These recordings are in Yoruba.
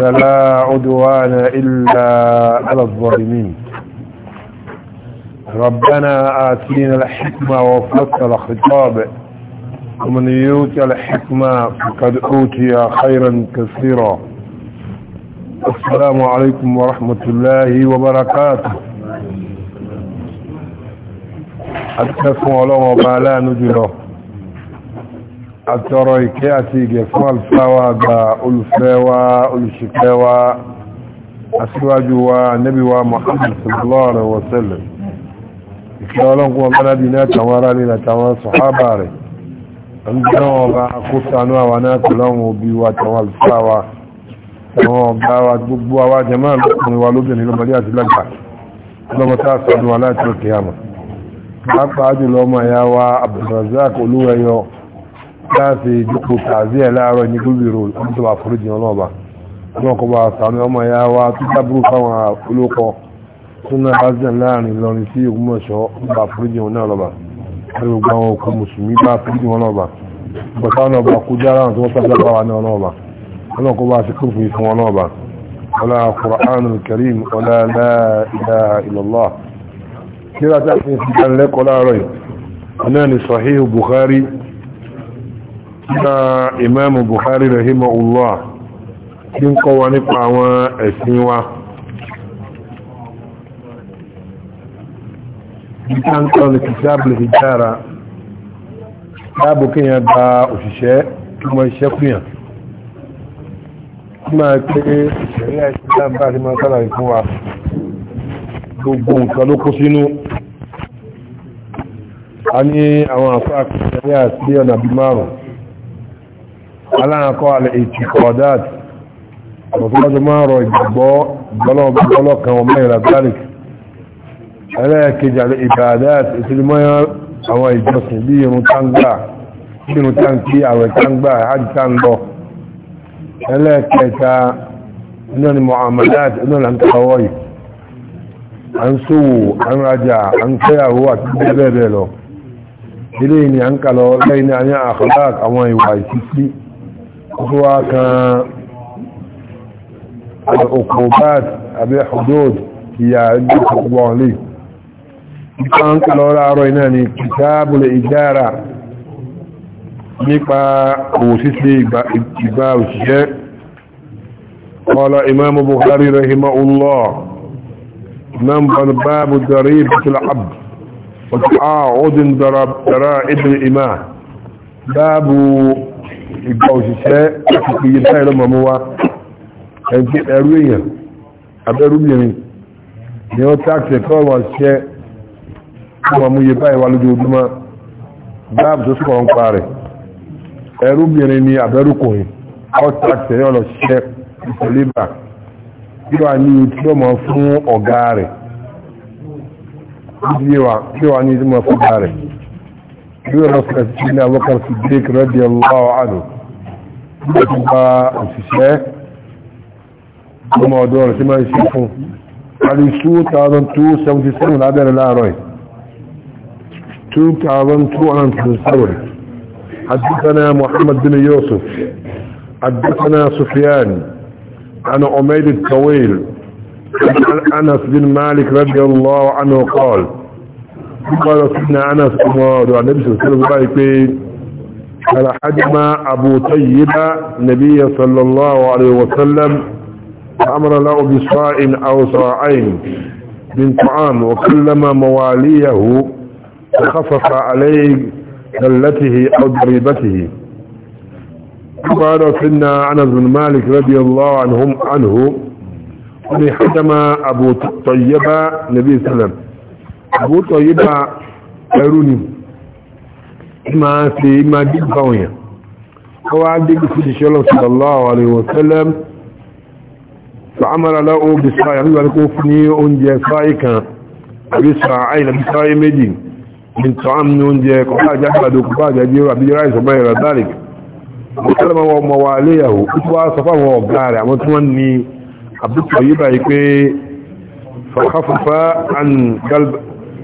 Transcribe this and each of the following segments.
فلا عدوان إلا على الظالمين ربنا آتينا الحكمة وفق الخطاب ومن يؤتي الحكمة فقد أوتي خيرا كثيرا السلام عليكم ورحمة الله وبركاته أتكفوا الله وبالا نجله àtọrọ ìkẹ́ àti ìgẹ̀ fún alfáwà gba olùfẹ́wà olùṣìfẹ́wà aṣíwájú wa Ànábì wa Muhammad sallallahu alaihi wasallam ìkẹ́ ọlọ́nkún ọmọdábí ní àtàwọn ará ní àtàwọn sọ̀hábà rẹ̀ ń jẹ́ ọba akóṣanú àwọn àwọn ọ̀gá wa gbogbo láti dípò tààzí ẹ̀ láàárọ̀ ní gúlbìrò tó bá foríjì ọlọ́ọ̀bà wọn kọ bá sàmì ọmọ ìyá wa tó dábúrú fáwọn olókọ tó náà bá zẹ̀ láàrin lọrin sí Ògbómọ̀ṣọ́ bá foríjì wọn náà lọ́ba ẹgbẹ́ gbogbo àwọn òkú mùsùlùmí bá foríjì wọn lọ́ba bọ̀tá náà bá kú jára tó wọ́n sábà bá wa náà lọ́ba wọn kọ bá sí kúrò fún wọn lọ́ba wọlá Qur'an al-Karim wọlá la ilaha imam buhari rahimahullah tí ń kọ́ wa nípa àwọn ẹ̀sìn wa ìta ń kọ́ ní kìtàbìlì ìjára láàbò kíyàn gba òṣìṣẹ́ kí wọ́n iṣẹ́ kúyàn kí máa pé ìṣẹ̀rí àìsíkà bá ti máa sára ìfún wa gbogbo nǹkan ló kó sínú a ní àwọn àfáà kìtàbìlì àti ọ̀nà bí márùn-ún aláàkọ́ alẹ́ ìtìkọ̀ọ́dáàtì ọ̀tọ́jọ́ máa rọ ìgbàgbọ́ gbọ́lọ́kan ọmọ ìràgbàlìk ẹlẹ́ẹ̀kejì alẹ́ ìbàdáàtì ìtìlímọ́ àwọn ìjọsìn bí irun táńgbà irun táńkì àwẹ̀ táńgbà hajj táńlọ ẹlẹ́ẹ̀kẹta iná ni muhammadat iná là ń tọwọ́ yìí à ń ilé ni à ń kà lẹ́yìn ní àwọn ìwà ìsísí هو العقوبات أبي حدود هي عدة الله لي كان كلورا رويناني كتاب الإدارة نيبا وسيس لي إباء قال إمام بخاري رحمه الله نم باب ضريبة العبد وتعاود ضرائب الإمام باب ìgbà òṣìṣẹ́ láti pèyẹ táyẹ̀ lọ́mọ mú wá ẹrú èèyàn abẹ́rúbìnrin ni wọ́n táàkì ẹ̀kọ́ wọn ṣiṣẹ́ ọmọ mú yẹ báyìí wá lójoojúmọ́ báàbù tó sọ̀rọ̀ ń pa rẹ̀ ẹrúbìnrin ni abẹ́rúkùnrin wọ́n táàkì ẹ̀yọ́ lọ ṣiṣẹ́ ìṣẹ̀lébà kí wà ní tí ó mọ̀ fún ọ̀gá rẹ̀ kí wà ní tí ó mọ̀ fún ọ̀gá rẹ̀ يورس سيدنا أبو بكر الصديق رضي الله عنه nípa الشيخ علي ọ̀dọ́ rẹ̀ تو máa ń ṣe لا àrí 2277 lábẹ́rẹ̀ تو عن 2277 حدثنا محمد بن يوسف حدثنا سفيان عن عميد الطويل عن أنس بن مالك رضي الله عنه قال قال سيدنا انس ومر النبي صلى الله عليه وسلم حجم ابو طيب النبي صلى الله عليه وسلم امر له بصاع او صاعين من طعام وكلما مواليه خفف عليه دلته او ضريبته قال سيدنا انس بن مالك رضي الله عنهم عنه ولحجم ابو طيبه النبي صلى الله عليه وسلم àbótọ̀ yé bá ẹrú ni máa ṣe máa dìgbà fáwọn èèyàn ó wá dìgbà sí ìṣẹ́ lọ sí sallallahu alaihi wasallam tó ámàrà láwọ́ bí sáà yàmú ìwà kó fún ní oúnjẹ sáà kan àbí sáà àìlà bí sáà méjì ní tó ám ní oúnjẹ kọ́kọ́ àjá àgbàdo kọ́kọ́ àjá jẹ́ léyàwó ó tún wá ọ̀gá rẹ̀ àwọn tí wọ́n ní àbúkọ̀ yí báyìí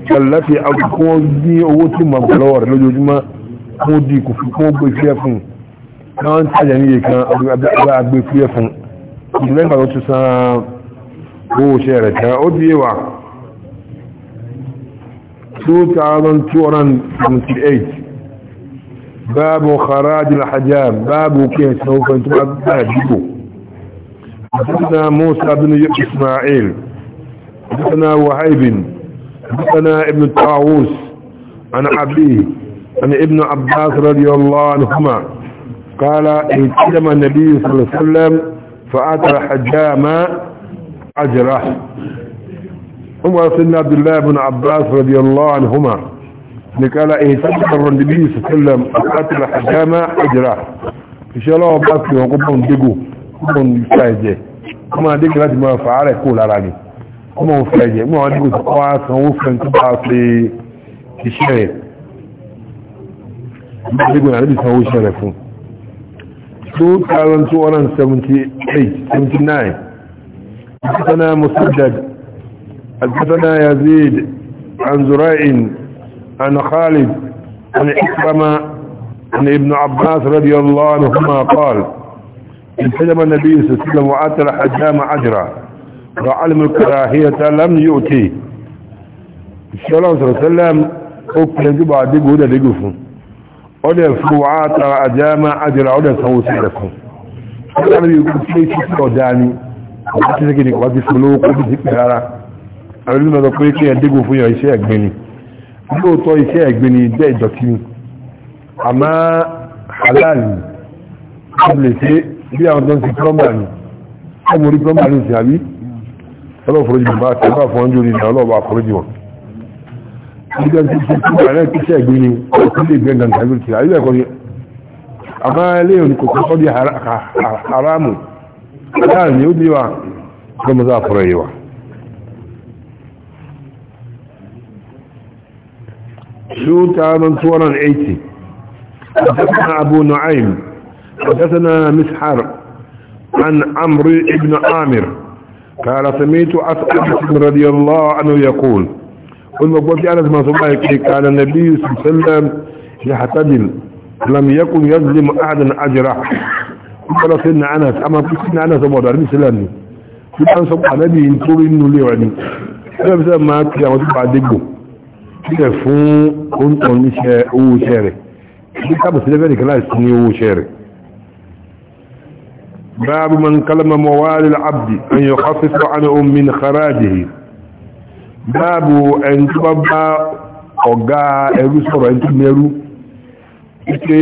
kàlàfì àkókò ní owó tí mo gbà lọ́wọ́ rẹ̀ lójoojúmọ́ mo di kò fi kó gbé fíẹ́ fún náà ń tàjà ní iye kan àgbà gbé fíẹ́ fún ìdílé ìgbà tó tún san owó iṣẹ́ rẹ̀ tán ó di ewa 2278 باب خراج الحجاب باب كيف سوف تبقى حدثنا موسى بن اسماعيل حدثنا وهيب حدثنا ابن الطاووس عن أبيه عن ابن عباس رضي الله عنهما قال اتلم النبي صلى الله عليه وسلم فأتى حجام أجره عمر سيدنا عبد الله بن عباس رضي الله عنهما قال اتلم النبي صلى الله عليه وسلم فأتى حجام أجره إن شاء الله بأسكي وقبهم دقوا قبهم يساعده كما دقوا لازم فعله كول على عليه ọmọ òfin mú àwọn ẹ̀dẹ́gbẹ̀sọ kọ́ san owó fẹ́ tó bá ṣe iṣẹ́ rẹ̀ ẹ̀dẹ́gbẹ̀sọ náà lè san owó rẹ̀ حدثنا مسدد حدثنا يزيد عن زرائع عن خالد عن إكرم عن ابن عباس رضي الله عنهما قال انتجم النبي صلى الله عليه وسلم وآتى الحجام عجرا وعلم الكراهية لم يؤتي الشيء الله صلى الله عليه وسلم أكل جبع ديبه ده ديبه أدى فروعات أجامع أجل أدى سوسي لكم النبي يقول شيء تسكو داني وقتك إنك وقت سلوك وقت سكهارة أولي ما ذكوي كي يديبه فيه إشياء أجمني أدو تو إشياء أجمني ده إدوكين أما حلال قبل شيء بيعمل دون سكرم داني أموري كرم داني سيابي ọlọ́run forí jù bá tẹ́ bá fọ́n jù ní ọlọ́run bá forí jù wọn. nígbà tí tí tí ààrẹ ti ṣe ẹ̀gbin ni kò lè gbẹ gàǹgà ló ti àyè ẹ̀kọ́ ni àmọ́ eléyìí kò kọ́ sọ́dí láàrin ni ó bí wa kọ́ mọ́ yìí wa. حدثنا أبو نعيم حدثنا مسحر عن عمرو بن عامر قال سميت من رضي الله عنه يقول قل مقبول في أنس ما سمعك قال النبي صلى الله عليه وسلم يحتدل لم يكن يظلم أحدا أجره قال سيدنا أنس أما قلت سيدنا أنس أبو دارمي سلامي سيدنا أنس أبو نبي ينطور إنه لي وعني أنا بسبب ما أكي أما تبع دقه كده فون كنت أنشاء أو شارك كده كابس لفريك لا يستني أو شارك باب من كلم موال العبد أن يخفف عنه من خراجه باب أن تبقى أقا أرسر أن تميرو ike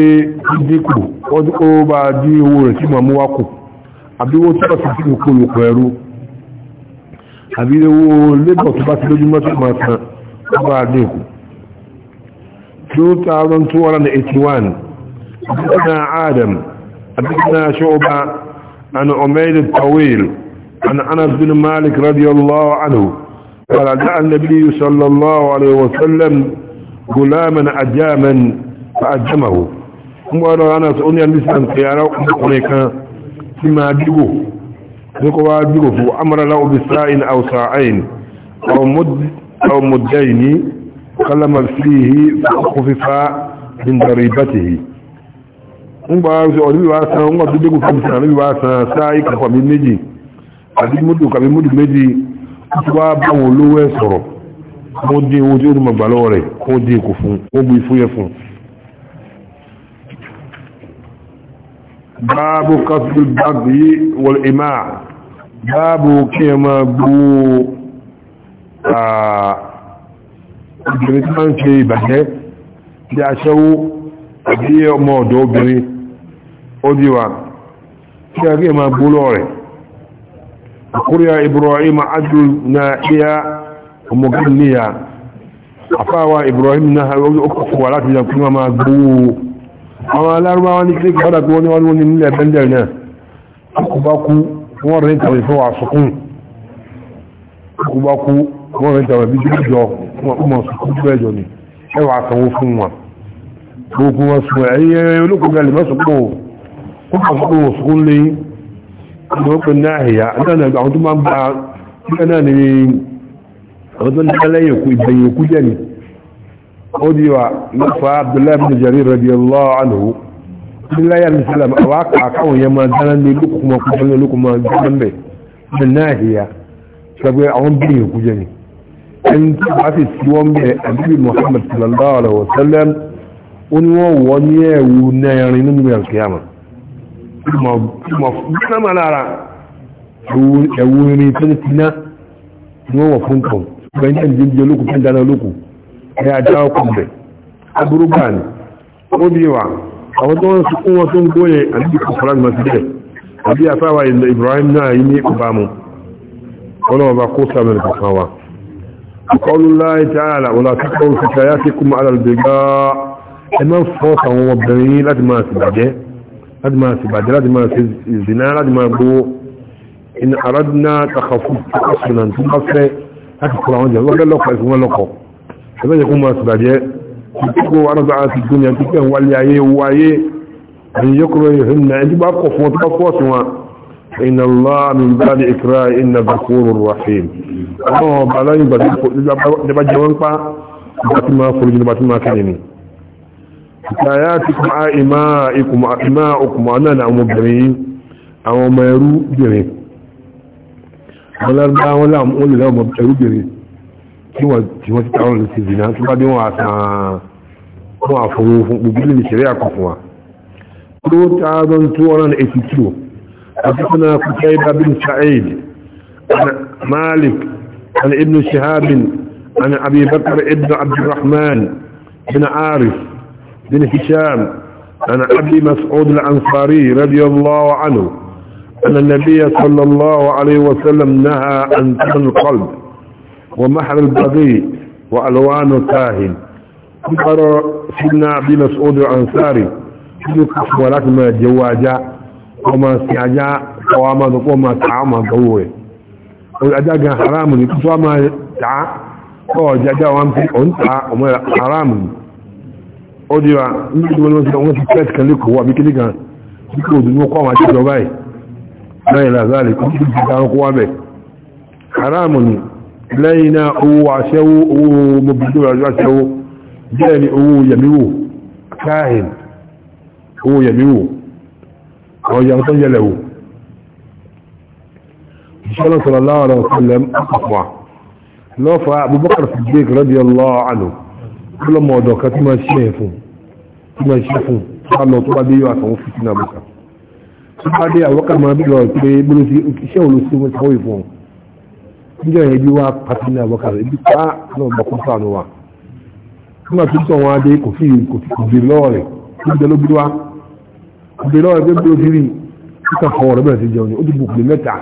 dídíkù ọdún ó bá dí owó rẹ̀ tí ma mú wákù àbí owó tó bá ti sínú kó lòkò ẹrú àbí owó lébọ̀ tó bá ti lójúmọ́ tó máa san ó bá dínkù 2281 àbíkúnà adam àbíkúnà ṣọ́ọ̀bá عن عميد الطويل عن أنس بن مالك رضي الله عنه قال دعا النبي صلى الله عليه وسلم غلاما أجاما فأجمه وقال أنس أني النسبة قيارة وقليك فيما أجبه ذكوا أجبه فأمر له بساء أو ساعين أو مد أو مدين قلم فيه فأخفف من ضريبته ńgbà ọdún ìwà san ńgbà tó dégùn fún ìsìn àmì ìwà san sáà ìkàkọ̀ mi méjì àti mọ́tò kàmí mọ́tò méjì ó ti wá báwọn olówó ẹ̀ e sọ̀rọ̀ wọ́n dín owó tí ó dùnmọ̀ gbà lọ́wọ́ rẹ̀ wọ́n dín kò fún wọ́n gbé fúyẹ́ fún báàbù kásìlì báàbù yí wọl e ìmá báàbù kí ẹ máa gbó obìnrin tí wọ́n ń ṣe ìbàjẹ́ bí aṣẹ́wó àbí ọmọ ọ̀dọ́ obìnrin أديوان شاكي ما بولوري أقريا إبراهيم عدل نائيا ومقنيا أفاوى إبراهيم نها وقف ولا تجاكما ما بو أما لا ربما نكليك فلا توني ونوني من لأبندلنا أكباكو ورين تغيفوا عصقون أكباكو ورين تغيفوا جوجو وما سكوت بيجوني ẹwà àtàwọn fún wọn gbogbo wọn sùn ẹ̀yẹ olókùnrin alìmọ́sùn pọ̀ kúkà fún òṣùkún lé ìwọ́pẹ̀ náà ẹ̀yà náà àwọn tó máa ń bá nígbà náà ni àwọn tó ń dá lẹ́yìn òkú ìgbẹ̀yìn òkú jẹ́ ni ó di wa nípa Abdullahi bin Jarir radiyallahu anhu nílá yà ní sálàm àwọn àkàwọn yẹn máa dáná ní olókùn máa kú sálẹ̀ olókùn máa dáná mẹ́ ní tí wàá sì sí wọn bẹ àbíbí Muhammad sallallahu alaihi ní ẹ̀wù náà yẹn nínú ìgbà mọ̀ lára ẹ̀wù irin tó ní tiná ni wọ́n wọ̀ fún kan ṣùgbọ́n ní ẹ̀jẹ̀ ìjọ olókùn fẹ́ dáná olókùn ẹ̀ ajá ọkùn bẹ̀ aburú bá ní ó bí wà àwọn tó ń sọkún wọn tó ń gbóyè àdúgbò kan fọlá nígbà síbẹ̀ àbí afáwà ilẹ̀ Ibrahim náà yí ní ọbaamu ọlọ́wọ́ bá kó sàmìlì kọ̀ọ̀kan wa ọkọ̀lù láì tààlà wọ́n láti kọ́ òṣìṣẹ́ yá sí kúmọ̀ alàlùbẹ̀gá ẹ máa ń fọ́ sàwọn ọmọbìnrin هذا ما بعد هذا ما الزنا هذا ما بو إن أردنا تخفف أصلا ثم أصلا هذا كل عن جل وقال لقى ثم لقى هذا يقوم ما بعد يقول أرضع في الدنيا تكه والعي وعي أن يكره هنا أنت بقى قفوة قفوة سوا إن الله من بعد إكراء إن بكور الرحيم الله بعلاني بعد بعد جوانبا بعد ما فرجنا بعد ما كنيني àtàyàtìkùn àìmá ìkùnmọ̀ náà ni àwọn obìnrin àwọn ọmọ ẹrú bìnrin wọn lárúbá wọn lè ọmọ ẹrú bìnrin tí wọ́n ti táwọn lè ti zìnà tó bá dé wọn àtàn wọn àfọwọ́ fún gbogbo ilé ìṣẹ̀rẹ́ àkọ́kùn wa 2282 حدثنا قتيبة بن سعيد عن مالك عن ابن شهاب عن أبي بكر ابن عبد الرحمن بن عارف بن هشام عن أبي مسعود الأنصاري رضي الله عنه أن النبي صلى الله عليه وسلم نهى عن تن القلب ومحر البغي وألوان الكاهن قرر سيدنا أبي مسعود الأنصاري يكف ولكما جواجا وما سعجا وما ما تعاما قوي والأداء حرام يكفوا ما تعا ان وانت حرام ó dira nígbà tí wọ́n ti wọ́n ti pẹ́ẹ̀tì kan lẹ́kọ̀ọ́ wà bí kíní kan bí kò dùn ó kọ́ àwọn àti ìjọba yìí láyé làzáàlì kò sí ti dáhùn kó wá bẹ̀ haramu ni lẹ́yìn náà owó aṣẹ́wó owó mobili rẹ̀ aṣẹ́wó bẹ́ẹ̀ ni owó yẹ̀míwò káàhìn owó yẹ̀míwò ọ̀yà tó yẹlẹ̀ wò ìṣọ́lọ́sọ̀rọ̀ láwọ̀rọ̀ ọ̀sẹ̀lẹ̀ ọ̀pọ̀ lọ́fà abubakar lọ́mọ ọ̀dọ̀ kan tí máa ṣe ẹ̀ fún tí máa ṣe fún bá lọ tó bá dé yóò àtàwọn fún sínú àbúkà tó bá dé àwọn kan máa bí lọ pé bóló sí iṣẹ́ òun ló sí wọn sáwọ́ ìfún níjọ́ yẹn bí wàá pàtó ní àbúkà rẹ̀ ibi pa náà bá kún fáànù wa nígbà tó sọ wọn adé kò fi kò dé lọ́ọ̀ rẹ̀ kó dé ló bí wá kò dé lọ́ọ̀ rẹ̀ pé bóló sí rí kíkà fọwọ́ rẹ̀ bẹ̀rẹ̀ sí jẹun ó ti bùkún mẹ́ta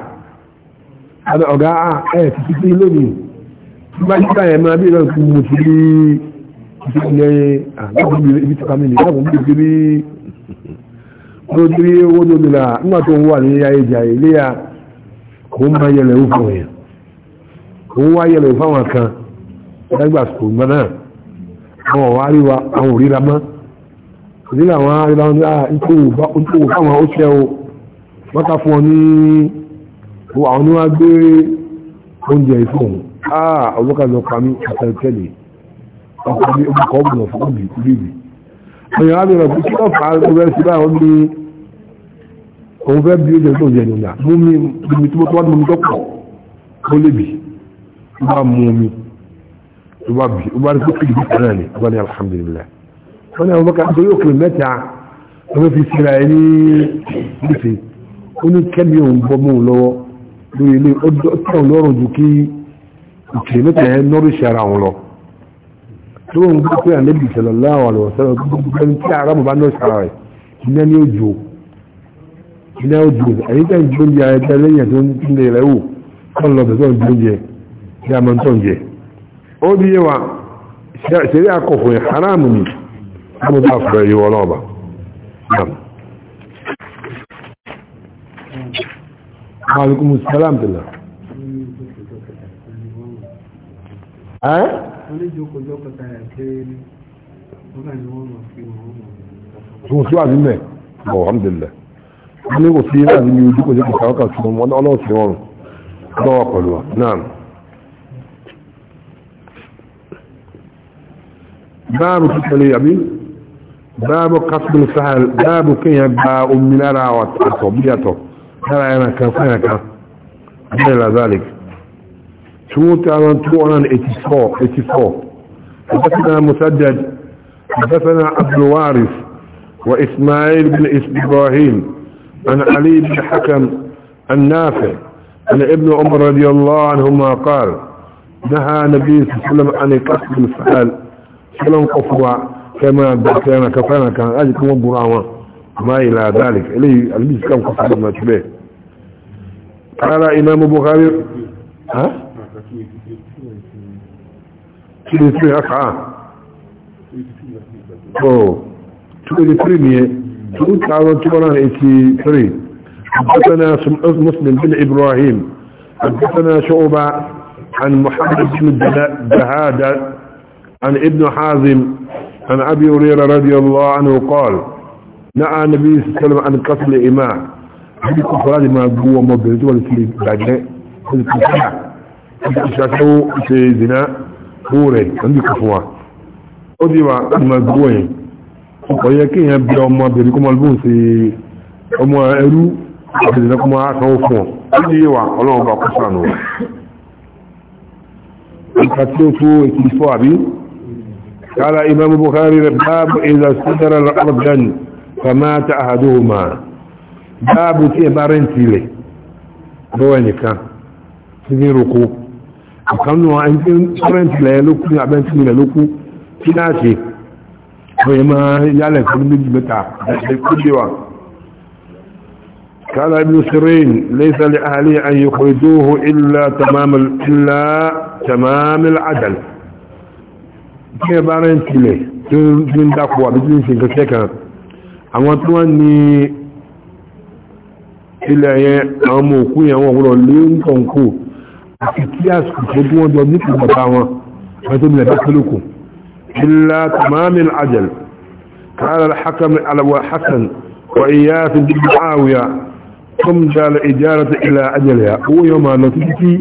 ọ̀gá ẹ̀ ti fi sí lónìí bá yíká yẹn máa bí lọ́ọ̀ ìdílé àgbàdo ibi tí kàmí nìkan òun bíi bí ló dé owó lómìnira nígbà tó ń wà ní ayéjà ilé à òun máa yẹlẹ̀ òun fún èèyàn òun wá yẹlẹ̀ òun fáwọn kan ẹgbà sùkùn gbọ́n náà àwọn ọ̀wá ríwa àwọn òríra mọ́ òní làwọn aríra wọn ní ìtòwò fáwọn ó ṣẹ́ o wọ́n ká fún ọ ní àwọn oníwàgbé oúnjẹ ìfọ̀hún ah ọ̀bọ̀kà lọ pa mí àtẹ̀tẹ̀lẹ̀ ọkọ̀ ní ọkọ̀ ọ̀gbọ̀n fún mi lébi ọ̀yàn á bẹ̀rẹ̀ kí wọ́n fà á rẹ̀ sí báyọ̀ ní òun fẹ́ bí oúnjẹ tó yẹ nìyà mú mi mi tí mo tó wá mú mi tó pọ̀ ó lébi ó bá mú mi ó bá bì ó bá rí kókè ìdí kan náà ni ó bá ní alhamdulilayi wọ́n ní àwọn bọ́kà tó yóò kiri mẹ́ta ọmọ fi síra ẹ ní gbèsè ó ní kẹ́mi òun bọ́ mọ́ òun lọ́wọ́ lórí ilé ó tẹ̀ òun lọ́rùn ju kí ìkiri mẹ́ta yẹn nọ́rìṣì ara òun lọ tó ń gbé pé ànábì sallallahu alaihi wasallam gbogbo ẹni tí aráàmù bá náà sara rẹ̀ iná ní òjò iná òjò ẹ̀yìn tẹ̀ ń gbé oúnjẹ ayé tẹ́ lẹ́yìn tó ń tilẹ̀ rẹ̀ wò kọ́ lọ bẹ̀ tó ń gbé oúnjẹ tí a máa ń tọ̀ ń jẹ. ó di yé wa ṣeré akọ̀kọ̀ yẹn haramu ni wọ́n bá fọ ẹ̀yìn wọn náà bá. tila oníjókòjókò tàyà pé wọ́n kàn ní wọ́n mọ̀ sí wọn mọ̀ sí. Mo sí wà nílẹ̀, alhamdulillah. Wọ́n ní kò sí láti ní ojúkòjókò tàwọn kan sùn wọn ọlọ́run sí wọn lọ́wọ́ pẹ̀lú wa náà. Báàbù tó tẹ̀lé àbí báàbù kásìlì sáhàl báàbù kéèyàn gba omi lára àtọ̀ bí àtọ̀ lára ẹran kan fún ẹran kan. 284 حدثنا مسدد حدثنا عبد الوارث وإسماعيل بن إبراهيم عن علي بن حكم النافع عن ابن عمر رضي الله عنهما قال نهى النبي صلى الله عليه وسلم عن كسب الفعل سلم قفوا كما كان كفانا كان أجكم براما ما إلى ذلك إليه الذي كان قفوا ما تبيه قال إمام بخاري ها 23 أسعى 23 مسلم بن إبراهيم حدثنا شعبة عن محمد بن الجهادة عن ابن حازم عن أبي هريرة رضي الله عنه قال نعى النبي صلى الله عليه وسلم عن قتل إمام هذه كفرات ما هو مبرد والكليب بعدين هذه كفرات ìṣàkóso ṣe ìdènà owó rẹ̀ lọ́dí kò fún wa ó dí wa láti máa gbọ́ yẹn ọ̀pọ̀ yẹ kí èèyàn bí ọmọ bèrè kó máa lóun ṣe ọmọ ẹrú àbẹ̀dẹ̀dẹ̀ kó máa sanwó fún ọ ó dí wa ọlọ́run bá kó sànù wa ìka tí ó tó èkìlì fọ́ àbí قال إمام بخاري باب إذا استدر الأرض فمات أحدهما باب تي بارنتي لي بوينكا سنيركو ọ̀kan nù ẹni tí kọ́rẹ́ǹtì lẹ̀ lókú abẹ́ntì lẹ̀ lókú kí náà ṣe wọ́n yẹn máa yálẹ̀ fún méjì mẹ́ta ẹ̀ṣẹ̀ قال ابن ليس لأهلي أن يخرجوه إلا تمام إلا تمام العدل kí ẹ bá rẹ̀ ń tilẹ̀ tó ń dákọ̀ àbí tí ń ṣe nǹkan ilẹ̀ ẹ̀yẹ àwọn ọmọ òkú yẹn wọ́n lè ń tọ̀nkú العجل قال الحكم على وحسن وإياس بالمعاوية ثم جال إجارة إلى أجلها هو يوم نتيجي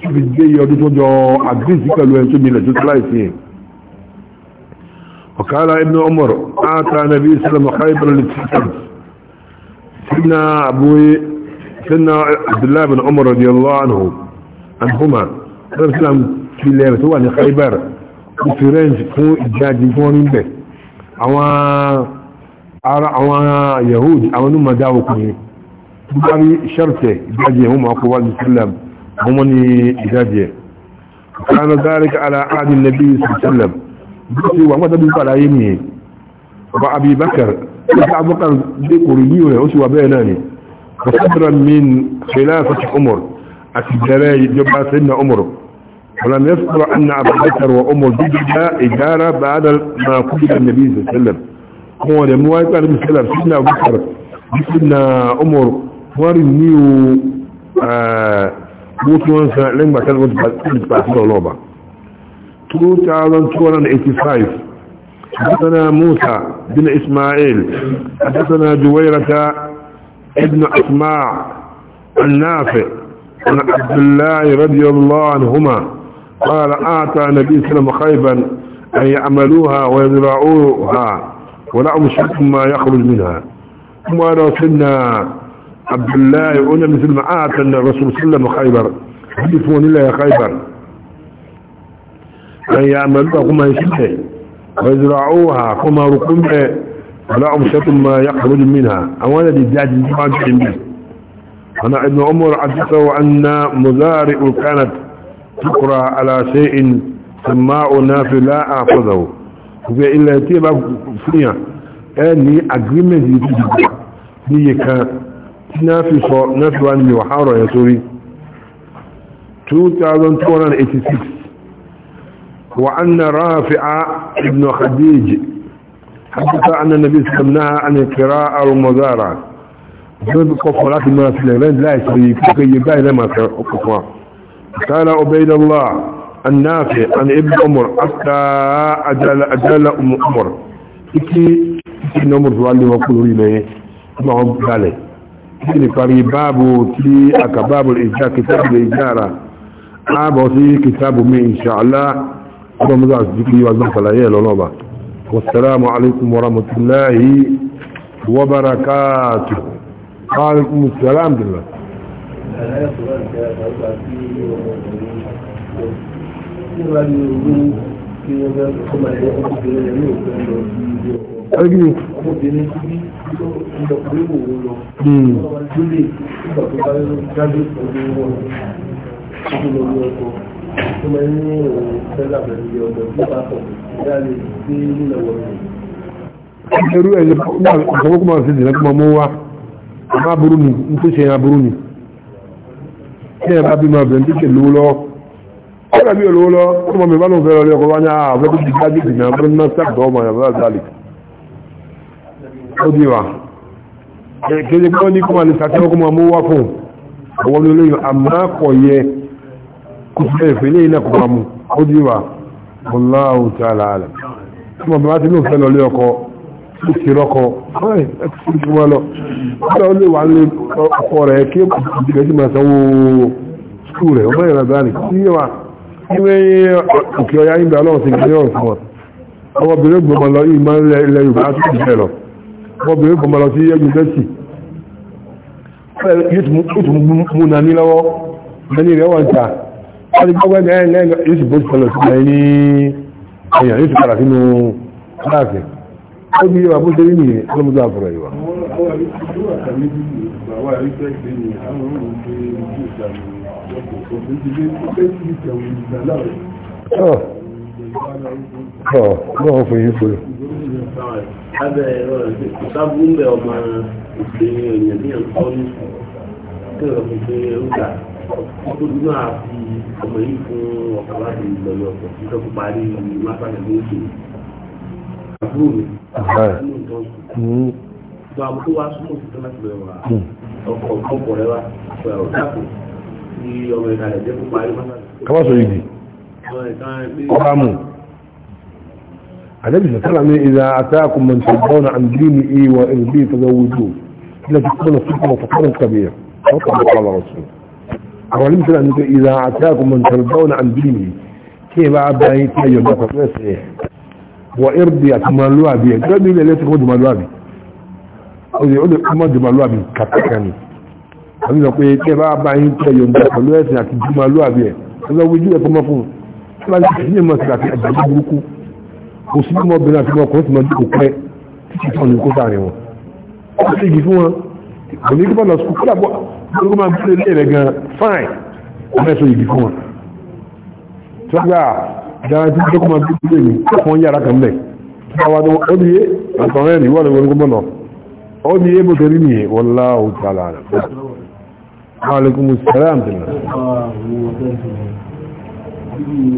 في الجي يوديتو جو عجزيك الوينسو من الجزء الثلاثين وقال ابن عمر آتى نبي صلى الله عليه وسلم خيبر للشمس سيدنا أبوي سيدنا عبد الله بن عمر رضي الله عنه àdúgbòmà ẹ̀rọ sílám tilẹ̀ rẹ̀ tó wà ní Khaybar ó fi rẹ́ǹjì fún ìjáde tí wọ́n rí bẹ̀ àwọn ara àwọn Yahudi àwọn ní mọ̀dá okùnrin tó bá rí ṣẹ́rẹ̀tẹ̀ ìjáde ẹ̀hún máa kó wá ní sílám àwọn wọn ní ìjáde ẹ̀ kánà dárẹ́kà ala áàdì nàbí sílám bí ó ti wà من خلافة عمر أتجرى جبع سيدنا عمر ولم يذكر أن أبا بكر وأمر بجبع إجارة بعد ما قبل النبي صلى الله عليه وسلم هو لما يقال عليه السلام سيدنا أبو بكر سيدنا أمر ورنيو موت وانسى لما كان وجبع سيدنا الله 2285 حدثنا موسى بن إسماعيل حدثنا جويرة ابن أسماع النافع عن عبد الله رضي الله عنهما قال أعطى نبي سلم خيبا أن يعملوها ويزرعوها ولهم شرك ما يخرج منها ثم رسلنا عبد الله قلنا مثل ما أعطى الرسول سلم خيبر حديثون الله يا خيبر أن يعملوها كما يشبه ويزرعوها كما ركمه ولهم شرك ما يخرج منها أولا دي جاج ما بحمده أنا ابن عمر حدثه أن مزارع كانت تقرأ على شيء سماء نافي لا أعفظه إلا يتيبا فيها أني أجريمنت يتيبا هي كان نافي صور نافي وأني وحارة يا سوري 2286 وأن رافع ابن خديج حدث أن النبي سمناها عن قراءة المزارع lórí kọkọ láti máa sílẹ̀ lẹ́yìn láìsí yìí kókè yìí báyìí lẹ́mà fẹ́ ọkùnkùn wa kàrà ọbẹ̀dọ́lá annáfẹ́ an ibi ọmọr àtà àjálà ọmọr ikí ikí ní ọmọr wà lẹ́wọ́ kú lórí lẹ́yìn ọmọ wọn gbalẹ̀ ikí ni parí báàbù tí aka báàbù ìjà kìtàbù lè jára ààbọ̀ sí kìtàbù mi inṣàlá ọmọ àti jíkì wà gbọ́n alaikum salaam alhamdulillah Ẹgbẹ́ ọmọbìnrin tí ìjọkùnrin wò ó lọ, ọmọ ìdílé nígbà tó bá jáde ọdún wọn, ọdún lọ ní ọkọ̀, tó máa ń ní òun fẹ́lá pẹ̀lú ọdún tó bá pọ̀, ìdá lè gbé nílẹ̀ wọ̀nyí àmọ́ aburú ni n tó aburú ni kí ẹ bá bí ma bẹ̀rẹ̀ tó ṣe lówó lọ́wọ́ ó dàbí olówó lọ ó mọ̀ mi bá lóun fẹ́ lọ rí ọkọ̀ wá ní àwọn tó ti gbájú ìgbìmọ̀ abúlé náà sáà dọ́ ọmọ yàrá zálì ó di wa kéde kọ́ ní kọ́mà ní sàtẹ́ ọkọ̀ máa mú wá fún ọwọ́ ló lóyún àmọ́ kọ̀ yẹ kò sí ẹ̀fẹ́ lẹ́yìn náà kò máa mú ó di wa Allahu ta'ala alam tí mo bá ti lóun fẹ́ lọ rí ọkọ̀ ó ti rọ́kọ ọ̀rọ̀ lọ ọ̀rọ̀ lè wà ní ọkọ̀ rẹ̀ kí ìgbẹ̀ tí máa sanwó skúù rẹ̀ ọmọ ìrìnàjò àrí tí yẹ wa níwẹ̀ òkè ọya ìgbà ọlọ́run ti gbẹ̀yọ̀ fún ọ ọmọbìnrin gbọmọ lọ yìí máa ń lẹ ilẹ̀ Yorùbá tó ti bẹ̀rẹ̀ lọ ọmọbìnrin gbọmọ lọ sí ẹgbẹ̀ tẹ́sì yóò tún mú na ní ó ní ìwà bó ṣe rí nìyẹn ọlọ́mọdé àfọ̀rọ̀ ìwà. ọ̀ lọ́wọ́ fún yín pé. lábẹ́ ìsábúlẹ̀ ọmọ ìpínlẹ̀ èèyàn ní ẹ̀kọ́ ní kẹrọ fún pé ó gbà ọdún náà fi ọmọ yìí fún ọkọ̀ láti ìgbẹ̀lẹ̀ ọkọ̀ nítorí parí máfàlẹ̀ lóṣù àbúrò mi nínú ìtọ́jú hmm. tó àbúrò wa súnmọ́ sí tó láti bẹ̀rẹ̀ wá hmm. ọkọ̀ ọkọ̀ rẹ wa pẹ̀ ọ̀dàpọ̀ ní ọmọ ìkàlẹ̀ jẹ́ kó parí mọ́tà. kábàṣọ yìí ọba mu àdébìsì sọ́la ní ìdá àtàkùn mọ̀tò bọ́ọ̀nà àǹdí ní ìwà ìrìbí ìtọ́jú لا تكون فيكم فقر كبير فقر قال رسول أولي مثل أنك إذا أتاكم من ترضون عن دينه كيف أبعي تأيو ما تفسيه wọ irdi àti ọmọlúwàbí ẹ̀ gẹ́gẹ́ bí ilẹ̀ ẹlẹ́sìn fún ọmọlúwàbí òye ó lè ọmọ ọmọlúwàbí kàtàkàní àmì sọ pé tẹ́ bá bá yín tẹ́ yọ̀ǹda pẹ̀lú ẹ̀sìn àti ọmọlúwàbí ẹ̀ ẹ̀lọ́ wojú ẹ̀kọ́ mọ́ fún un láti ṣe ní ìmọ̀sí àti àjàgbé burúkú kò sí mọ́ obìnrin àti ọkùnrin tí mo dúkò pẹ́ títí tán ní kó sáàrin wọn ó sì yìí fún wọn kò ní kíkọ́ lọ sí kódà bọ́ gbogbo máa bú lé rẹ̀ gan fáìn ọmọ ẹ̀sọ́ yìí fún wọn dára tí ó kọ́mọ bí ilé mi fún yàrá kan bẹ̀ àwọn ọdún ó di yé àtọ̀rẹ́ ní wọ́n lè wọ́n gbọ́n lọ ó di yé bó ṣe rí lá ó ti àlà rẹ̀ bẹ́ẹ̀ alaikum salam tẹ̀lé. Hmm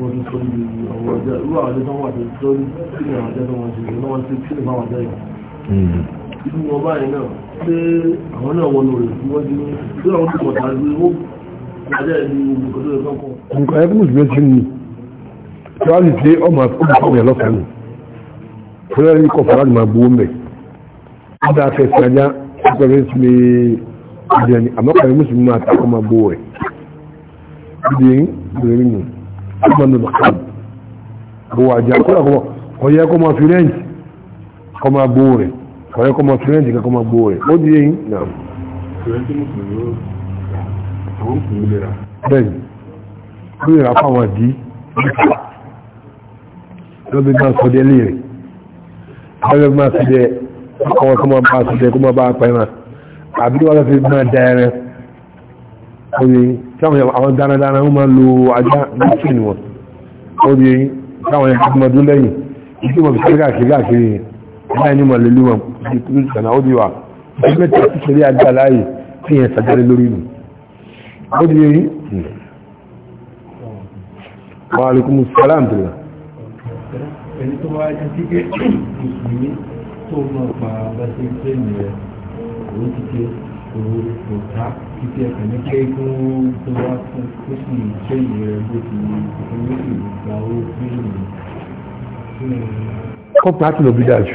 wọ́n ti sọ ibi àwọn ọjà irú àwọn ọjà tó wà tó ń tọ́jú sí àwọn ọjà tó wọ́n ti sọ náà wọ́n ti sílẹ̀ fáwọn ìlú wọn báyìí náà pé àwọn náà wọnú rẹ̀ wọ́n ti tí àwọn tó mọ̀tà lórí owó kọjá ẹni olùkọ́ tó yẹ kọ́kọ́. nǹkan ẹgbẹ́ mùsùlùmí ti ní tí wàá lè dé ọmọ olùkọ́ yẹn lọ́kàn nù fúnra ní kọ́ fara máa gbowó mẹ́ ọ̀dà afẹ́sẹ̀ ajá ọ̀pẹ̀rẹ̀ sí mi ìdíyẹ ni àmọ́ kàrí mùsùlùmí máa ta ọmọ gbowó rẹ̀ ìdíyẹ ìdíyẹ nù ọmọ nù bàkà gbowó ajá kó ọ̀yẹ́ kó máa fi rẹ́ǹtì kó máa gbowó rẹ̀ ọ̀rẹ́ kọ́ mọ fúrẹ́ǹtì kankan mọ gbowó rẹ̀ ó di eyín náà. fúrẹ́ǹtì mùsùlùmí ó àwọn mùsùlùmí lè ra. bẹ́ẹ̀ni ó lè ra fáwọn àdí lọ́bí máa sọ dé léèrè lọ́bí máa sọ dé ọkọ̀ kọ́ máa bá sọ dé kó máa bá pẹ́ náà àbí wọ́n fi máa da ẹran oye táwọn àwọn dáradára wọ́n máa lo ajá lọ́sìn wọn ó di eyín táwọn ẹ̀ka tó máa dún lẹ́yìn ìdí wọn fi kí káàkiri káàkiri yìí láì ní mọ̀lẹ́lú wọn kúrò ìsànà ó díwà mẹ́ta tí ṣe rí agbá láàyè tí yẹn sàjẹ́rẹ́ lórí nù ó di yẹn wà alùkùnmù sàlám tìlá ẹni tó wá jẹ́ sí pé mùsùlùmí tó mọ̀ pa bá ṣe ń tẹ́ ní ẹ̀ kò ti ṣe kọ́pù láti lọ bí dájú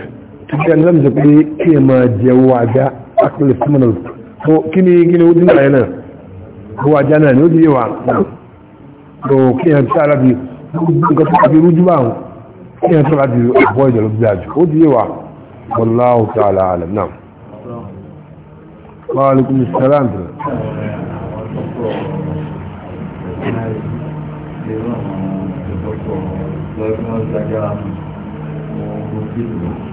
ìgbà ní lámìsọ pé kí ẹ máa jẹ owó ajá akọlẹ̀ kini fún kí ni kí ni ó dín láyé náà owó ajá náà ni ó dín wà tó kí ẹ tí ara bí nǹkan tó kàbí rújú bá wọn kí ẹ tó láti ọ̀pọ̀ ìjọ ló wallahu ta'ala alam náà wa alaikum salam Thank you.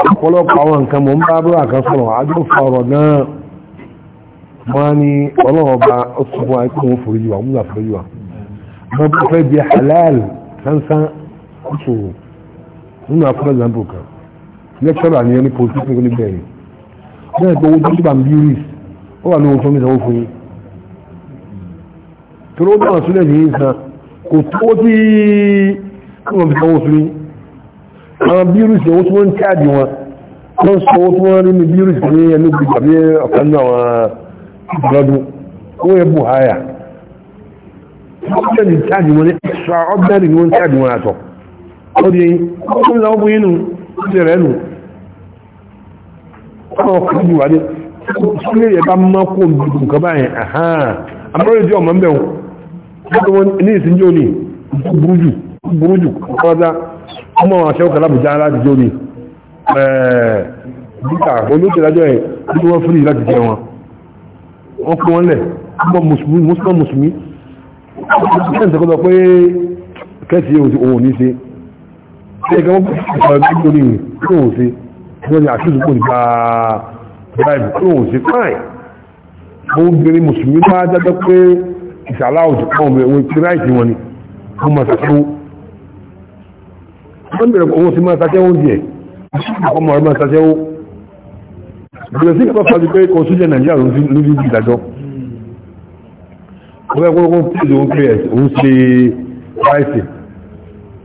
ọ̀pọ̀lọpọ̀ àwọn nǹkan mọ̀ ń bá bọ́ àkásọ̀rọ̀ agbófà ọ̀rọ̀ náà wọ́n ní ọlọ́ọ̀bá ọ̀sùnmọ́ àìkún fòríyíwá múlà fòríyíwá wọ́n bá fẹ́ bí halal sánsán ọ̀ṣòro nínú afẹ́rẹ́ example kan lẹ́kṣọ́rọ̀ àníyẹ ní politics ní bẹ̀rẹ̀ náà tó wọ́n tó bá ń bí rí ó wà àwọn bírùsì owó tí ń tàbí wọn wọ́n sọ owó tí wọ́n rí ní bírùsì ní ẹnu gbogbo àbí ọ̀kan náà wọn lọ́dún owó ẹbù háyà wọ́n ní wọn ní ẹ̀ṣọ́ ọ̀bẹ̀rẹ̀ ni wọ́n tàbí wọn àtọ̀ ó di ọdún ìlànà ọgbọ̀n inú ó nù ọ̀rọ̀ kọjú ọmọ wọn aṣẹ́wọ́ kalábùjá láti jó ní ẹ̀ẹ́dìkà olóòtìlájọ́ ẹ̀ tí wọ́n fúrì láti jẹ wọn wọ́n kún wọ́n lẹ̀ ọmọ mùsùlùmí mùsùlùmí mùsùlùmí ṣe ń sẹ́kọ́tọ̀ pé kẹ́sì òun ní ṣe ṣe ìgbà wọ́n sọ̀rọ̀ ní ìgbò ní kí òun ṣe wọ́n ni àṣíṣù kò ní gbà kí òun ṣe fáìn mo ń gbé mùsùlùmí máa wọ́n bẹ̀rẹ̀ owó sí máa tàṣẹ́wó díẹ̀ ọmọ rẹ̀ máa tàṣẹ́wó bẹ̀rẹ̀ sí ìpapà ti pé kò sójẹ́ nàìjíríà lórí ìdájọ́ ọgbẹ́ kórókó pèsè òun pé òun ṣe ráìsì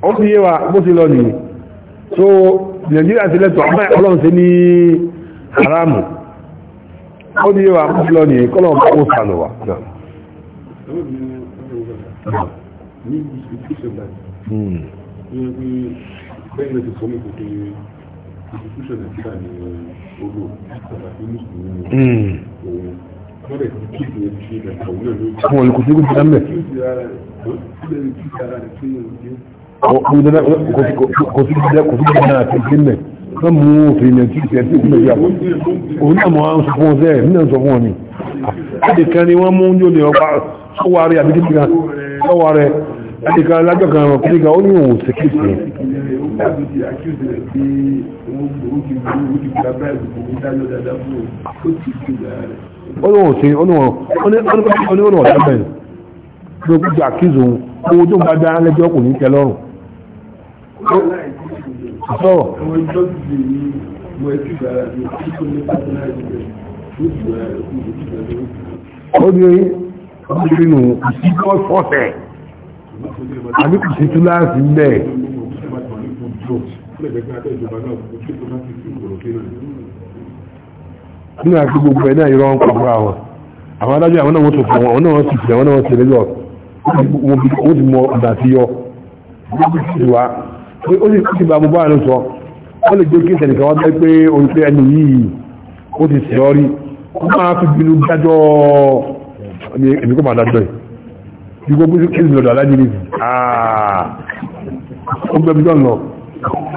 ó ti yé wa bó ti lọ ní so nàìjíríà ti lẹ́tọ̀ ọmọ ọlọ́run ṣe ní haramu ó ti yé wa bó ti lọ ní kọ́lọ̀ ó sànù wa bẹ́ẹ̀ ni ti fọ́ mi kò dé institution nàìjíríà ní olú àti mùsùlùmí òun lọ́dẹ̀ tó kí ìpínlẹ̀ ti ṣe ìdàgbà òun náà ló jẹ́. àwọn olùkọ́ sígun ti dá mẹ́. kò sí ìdílé náà ti dé mẹ́ wọ́n mú òfin ní ẹtí ìṣẹ́ tí ó fún ìyàwó òun náà mọ̀ àwọn sọ fún ọ̀sẹ̀ ẹ̀ nínú sọ fún ọ̀nì ẹ̀dẹ̀kan ni wọ́n mú ní olè ọgbà sọ́wọ́ rẹ̀ àbíkí kan sọ́wọ́ rẹ̀ ẹ̀dẹ̀kan lájọ́ kan ọ̀kùnrin kan ó ní òun sì kí ìṣẹ́ dábì ti àkíyèsí rẹ̀ pé wọ́n ti wú ó ti gba báyìí kò ní dájọ́ dáadáa fún ọ ó ti fi gbà rẹ̀. olóhùn ṣe olóhùn olóhùn ọ̀dọ́ bẹ́ẹ̀ ló kú ti àkíyèsí òun owó tó ń bá dá lẹ́jọ́ kò ní tẹ́ lọ́rùn. sọ̀rọ̀. ní mo ẹtí gbà rẹ̀ ní kíkọ́ ní pátá nínú àti gbogbo ẹ̀ náà ìrọ̀ ń pàmò àwọn àwọn adájọ́ àwọn náà wọ́n tó fún wọn náà wọ́n sì fi àwọn náà wọ́n sì lẹ́yọ̀ ó ti mọ ọ̀dà sí yọ ó sì ti bá gbogbo àrùn sọ ó lè jẹ́ kí ìṣẹ̀lẹ̀ kan wá bẹ́ pé orí pé ẹni yìí ó ti sì ọ́ rí ó máa fi bínú dájọ́ èmi kò máa dájọ́ yìí bí gbogbo kí ìṣẹ̀lẹ̀ ọ̀dọ̀ alájẹ́ nìyí ó bẹ́ẹ̀ bí náà lọ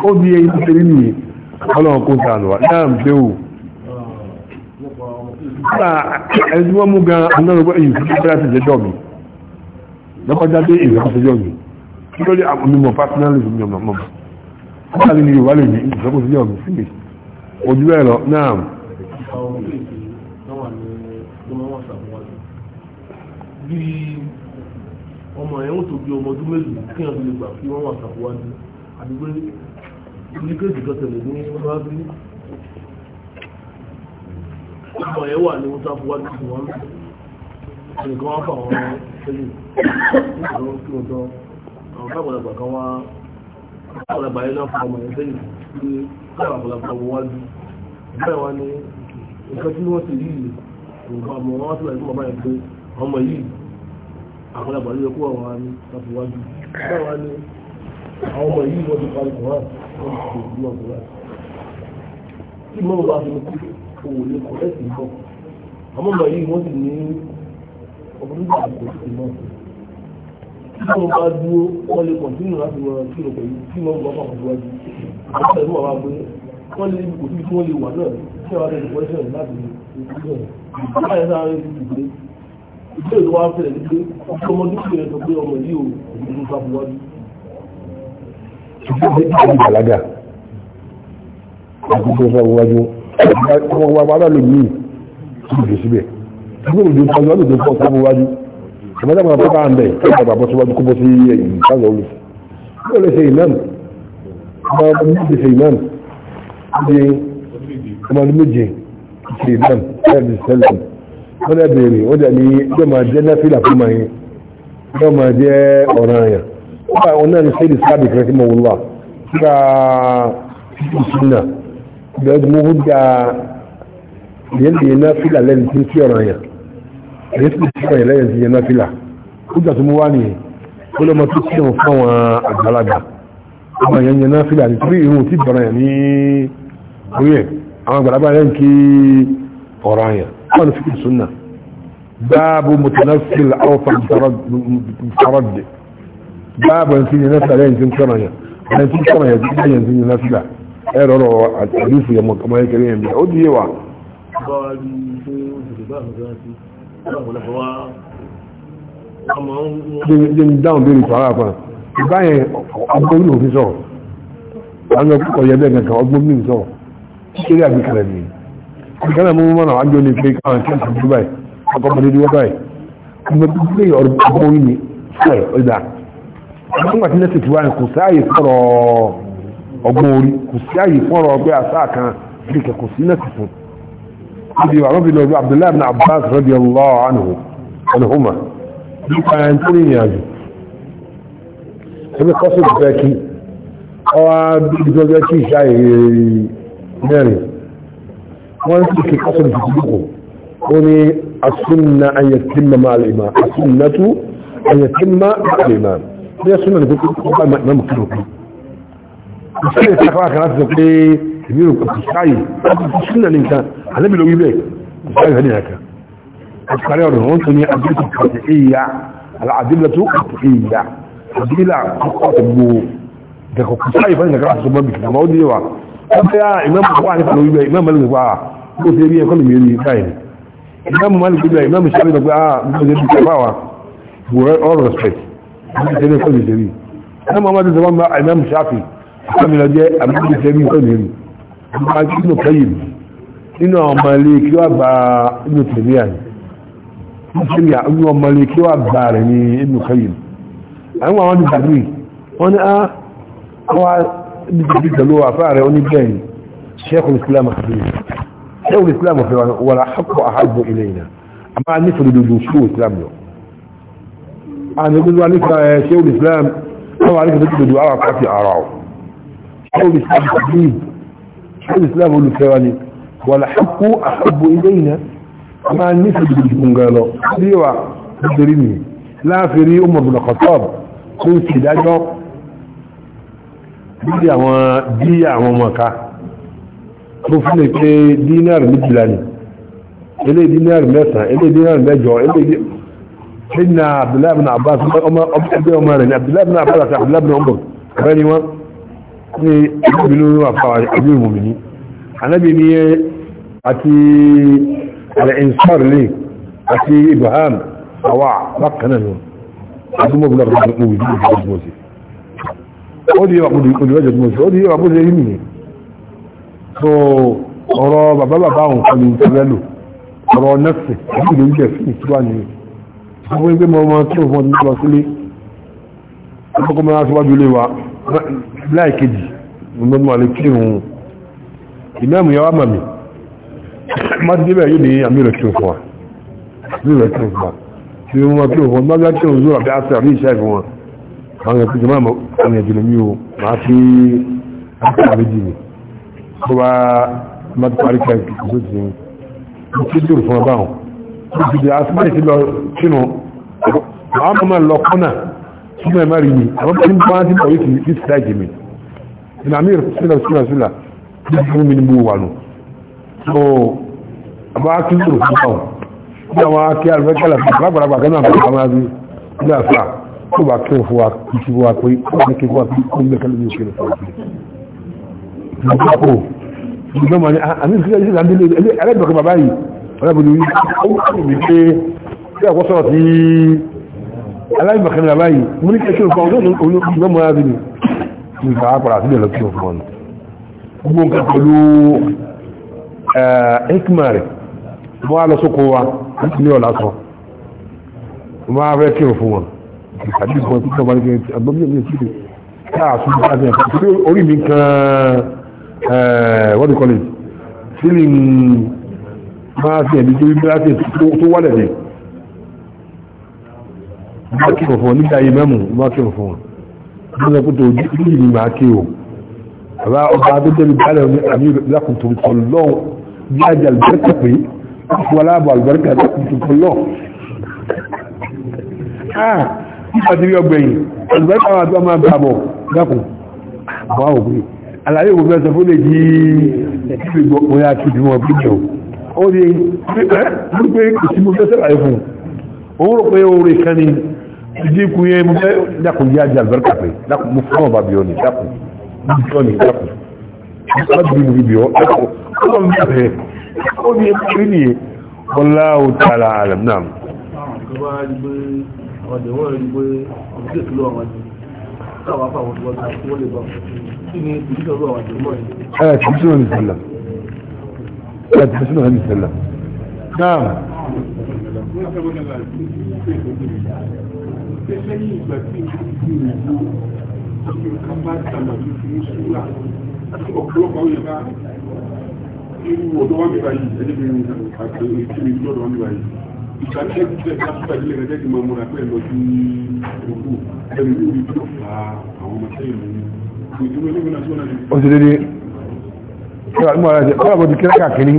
ó bí ẹyí tó tẹ́lẹ̀ nìyí ọlọ́run kó sàánù wa náà ń pé o nígbà ẹni tí wọ́n mú gan anáwó èyí tó tẹ́lẹ̀ sí ìjẹ́jọ́ mi lọ́kọjá dé èyí tó tẹ́jọ́ mi kí ló dé àwọn onímọ̀ pásínálì mi ọ̀nà mọ̀ wọ́n ní yorùbá lè ní ìjọkọ̀ sílẹ̀ ọ̀gbìn sí mi ojú bẹ́ẹ̀ lọ náà. bí ọmọ yẹn ń tó bí ọmọ ọdún mélòó kí wọ́n fi lè gbà kí wọ́n wà sàkówájú àdúgbò ní kéèkì kan tẹ̀lé ní ọlọ́bí ọmọ ẹ̀ wà ní wọ́n sáfù wá ní ìwọ̀n nìkan wá fà wọ́n sẹ́yìn ní ìwọ̀n kí wọ́n tán àwọn káàbọ̀làgbà kan wá káàbọ̀làgbà yẹn náà fà ọmọ ẹ̀ sẹ́yìn ní káàbọ̀làgbà wọ́n wájú bẹ́ẹ̀ wá ní nǹkan tí wọ́n ti rí nǹkan ọmọ wọn wá sílẹ̀ fún bàbá pé ọmọ yìí àgbàlagbà ló kó wà wá ní àwọn ọmọ yìí wọ́n ti parí kùrán wọ́n ti ṣe ìlú ọ̀gbọ̀n tí mọ́mọ́ bá fi kú owó lè kọ́ ẹ̀sìn bọ̀ àwọn ọmọ yìí wọ́n sì ní ọkùnrin bá kò sí mọ́ tí mọ́mọ́ bá dúró wọ́n lè kọ̀ntínú láti wọ́n kí lọ pẹ̀lú tí mọ́mọ́ bá fàkọ̀ síwájú àwọn ẹ̀rú àwọn agbé wọ́n lè kò sí tí wọ́n lè wà náà tí wọ́n lè kọ́ ẹ̀sìn láti ìgbésẹ̀ ìgbésẹ̀ wa fẹ̀rẹ̀ nígbé ọmọdé fẹ̀rẹ̀ sọ pé ọmọ yìí ò ní ìgbàlágà àti tó fẹ́ wájú wọ́n wá wá lè mí ìgbè síbẹ̀ ìgbè òjò kan lọ́dún tó fọ́ sábọ̀ wájú ìmọ̀tà máa fọ́ta àndẹ̀ ìgbà bàbá tó wájú kó bọ́ sí ẹ̀yìn ìtàzọ̀ olù ó lè ṣe ìmọ̀n ọmọ ọdún méje ṣe ìmọ̀n ọdún ọmọ ọdún méje ṣe ìmọ̀n ẹ̀ẹ́dì sẹ́lẹ̀m wọ́n dẹ̀ bèèrè wọ́n dẹ̀ ní yóò máa jẹ́ náfìlà fún màá yẹn yóò máa jẹ́ ọ̀ràn àyàn wọn oh, uh, náà ni sẹ́yìn sábì kẹrẹsì mọ̀ wọlúwà síra ìṣúná ìgbà ọdún mọ́wó da ìyẹn lè yẹn náà fìlà lẹ́yìn tí ń tí ọ̀ràn yẹn èyí sì tí ọ̀ràn yẹn lẹ́yìn tí yẹn náà fìlà ó gbà tó mú wá nìyẹn ó lọ́mọ tó tí òun fáwọn àgbàlagbà àwọn yẹn yẹn náà fìlà nítorí irun tí bọ̀ràn yẹn ní orí ẹ̀ àwọn àgbàlagbà baban sun yi nasara yanzu kamanya bayan sun kamanya jikin yanzu yi nasara ya rọrọ a tarifu ya makamai kare yanzu a odi yawa jin dáhùn bèèrè tó ara kan báyẹn ọgbọ́n ní òfin sọ̀rọ̀ àwọn ọkọ̀ yẹ bẹ́ẹ̀ kankan ọgbọ́n ní sọ̀rọ̀ kíkéré àgbékalẹ̀ ni àgbékalẹ̀ mú mọ́nà àjọ ní pé káwọn kí n sọ báyìí ọkọ̀ mọ́lẹ́dẹ́wọ́ báyìí ọgbọ́n ní ọgbọ́n ní sọ̀rọ̀ ọjà nígbà tí nẹ́sì ti wá ní kò sáàyè fọ́rọ̀ ọgbọ́n orí kò sáàyè fọ́rọ̀ ọgbẹ́ àṣà kan kíkẹ́ kò sí nẹ́sì fún níbi àrọ́bì lọ́dún abdullahi ibn abbas radiyallahu anhu anhuma nípa ẹni tó ní ìrìnàjò ẹgbẹ́ kọ́sì ìfẹ́ kí ọwá bíjọ́ jẹ́ kí ìṣá mẹ́rin wọ́n sì kí kọ́sì ìfẹ́ ó ní asúnna ayyatimma ma'al imam asúnnatu ayyatimma ma'al imam bí ẹ̀sùn náà ní kókó bá mẹ́mù kí ló kú ìṣẹ́lẹ̀ ìṣàkọ́ àkàrà ti sọ pé èmi rò kò sáyè ìṣẹ́lẹ̀ náà ní nǹkan àlẹ́bí ló wí bẹ́ẹ̀ kò sáyè ìṣẹ́lẹ̀ nǹkan àtìkárẹ́ ọ̀rọ̀ wọn tó ní adílẹ̀ tó kàtì ìyá àdílẹ̀ tó kàtì ìyá àdílẹ̀ àkọ́kọ́ tó gbó dẹ̀kọ̀ kò sáyè fún ìṣàkọ́ àti sọmọ́ bìkì àmọ́ ó ní wa ọbẹ̀ ìmọ̀mù wà nípa lórí bẹ́ẹ̀ ìmọ̀mù mẹ́lẹ̀ nípa bó ṣe rí ẹ̀kọ́ lè mi rí báyìí ìmọ̀mù mẹ́lẹ̀ nípa ìmọ̀mù ṣàlẹ̀ nípa bó ṣe rí báwa wọ́n all respect ní ìṣẹ́lẹ̀ kọ́ lè ṣeré ẹni mọ́mọ́ tó sọ́mọ́ àìmọ́ ṣáfì àmìlọ jẹ́ àmìlọ ṣeré kọ́ lè rí nípa nínú kẹ́yì nínú ọmọ ilé kí wọ́n gba inú tèmi àyè nítorí àwọn ọmọ ilé kí wọ́n gba rẹ̀ ní inú kẹ́yì àwọn àwọn ti dàbí wọ́n ní ah, á wá ní ti pẹ̀lú àfáà rẹ̀ oníbẹ̀yìn ṣẹ́kùn islam àti ṣẹ́kùn islam عن يقول ذلك شيخ الإسلام أو عليك تجد دعاء قاتل أعراه شيخ الإسلام حبيب شيخ الإسلام هو الإسلامي والحق أحب إلينا أما النسل بالجبن قالوا ديوة بدريني لا فري أمر بن الخطاب قلت دعجو دي àwọn dí àwọn mọ̀ká tó fún ní pé dínàrì méjìlá ni ilé dínàrì mẹ́sàn ilé dínàrì mẹ́jọ ilé dínàrì حنا عبد الله بن عباس أبي عمر عبد الله بن عباس عبد الله بن عمر بني وان بنو أبي المؤمنين أنا بني أتي على إنصار لي أتي إبهام أواع رقنا له، أبو مبلغ المؤمنين موسي ودي أبو مبلغ موسي ودي أبو زي مني so بابا bàbá bàbá òun kan ní ìtẹ́lẹ́lò ọ̀rọ̀ فيني àti àwọn ẹgbẹ́ mọ́ máa tún fún ọdún lọ sílé ọkọ̀ máa síwájú lé wa láìkejì ọdún máa lè kí òun ìmẹ́mù yàwá màmì mọ́tíbẹ̀ yìí ní àmìrẹ̀ kí òfin wa àmìrẹ̀ kí òfin wa tí wọ́n máa kí òfin máa gbá kí òun zúra bí àṣà rí ìṣẹ́ ìfún wọn àwọn ẹ̀kú jẹmọ́ àwọn ẹ̀jẹ̀ mi ò máa fi àṣà méjì mi tó bá mọ́tí parí kẹ́kẹ́ kò sí ti ń kí dùn fún ọ báwọn ó ti di àṣà méjì lọ sínú àwọn ọmọ lọ kọ́nà fún ẹ̀mọ́ rí mi àwọn ọmọ nípa wọn ti pọ̀ yìí ti ti dájì mi ìnà àmì ìrọ̀sílẹ̀ sílẹ̀ sílẹ̀ tí ó fún mi ní gbogbo wà nù so àbá kí ló fún ọ bí àwọn akí alùpẹ́kẹ́lẹ̀ lágbàlagbà gánà àbúrò àwọn àbí ilé àfà tó bá kí fún wa kí sí wa pé ó ní kí wá kí ó mẹ́kẹ́ lórí òkèlè fún ọdún ìgbà kò ìgbà mọ̀ ní àmì ìfúnjẹ́ ìṣẹ́lẹ̀ ẹlẹ́gbẹ̀kọ̀ bàbá yìí ọlọ́bùnú yìí ó kí mi pé kí àkọ́ sọ̀rọ̀ tí aláìmọ̀kànlá báyìí mú ní kẹ́kẹ́ òfin ọdún olóògbọ́n mọ́ abin ní ìgbà àpàrà sílẹ̀ lọ kí òfin ọdún gbogbo nǹkan pẹ̀lú ẹ̀kìmà rẹ̀ wọ́n á lọ sóko wa ní ọ̀la sọ wọ́n á fẹ́ kí òfin wọn ìpàdé ìbọn tí kọ́ bá ní kẹ́kẹ́ àgbọ́n mi ò tíì káà sún bá ní ẹ̀kọ́ pé orí mi kan wọ́n ti kọ́lé sílìn máa fi ẹ̀mí tó wálẹ̀ ní bá kí òfò nígbà yìí mẹ́mù bá kí òfò wọ́n lọ pẹ́tò ojú ní bá kí o àbá ọba adéjẹ́bí bálẹ̀ ní àmì lákùntò tọ̀lọ́ bí ajá alùbẹ́rẹ́kà pé wọ́n aláàbọ̀ alùbẹ́rẹ́kà lákùntò tọ̀lọ́ ah nípa ti rí ọgbẹ̀yìn alùbẹ́rẹ́kà wà tó máa bá bọ̀ dákùn àwọn òwe àlàyé òwe fẹ́ sọ fún lè jí ìgbìgbò òun àti ìdìmọ̀ bí jẹun ó rí pé kò sí mo fẹ́ sẹ́lá díkù yẹ mo fẹ́ dákun yá jẹ àlùbáríkà pé dákun mo fún ọba bíọ́ ni dákun bíọ́ ni dákun alábìrì mo fi bíọ́ dákun ọlọ́run bí abẹ́ ó ní ẹgbẹ́ rí nìyẹn ọlá ò tààrà àlẹ́m náà. ọ̀dẹ̀ wọ́n rí pé ọ̀dẹ̀ ìkìlọ̀ àwọn jù káwọn afáwọn tó wọ́n lè bá kí ni ìdíjọ́ lọ́wọ́ àwọn jù mọ́ ẹ̀. ẹ̀ kìí sọ̀rọ̀ nìsẹ̀lẹ̀ ẹ̀ kìí sọ̀rọ̀ nìsẹ̀lẹ̀ náà pé lẹ́yìn ìgbà tí ìlú ìlú àti nǹkan bá dàgbà tó fi ń súra ọ̀pọ̀lọpọ̀ àwọn ìyàbá irú ọ̀dọ́ wa nípa yìí ẹni bí mi àti ètò ìlú ọ̀dọ́ wa nípa yìí ìgbà tí ẹni tẹ̀ ká fúta ìdílé gẹ́gẹ́ bí máa múra pé lọ sí òkú ẹni ní orí tó fa àwọn ọmọ sẹ́yìn mú ìdúró ẹlẹ́gbẹ̀ẹ́ náà tó náà ní. ó ti dédé kíra mú ara jẹ kíra bọ́ di kíra káàkiri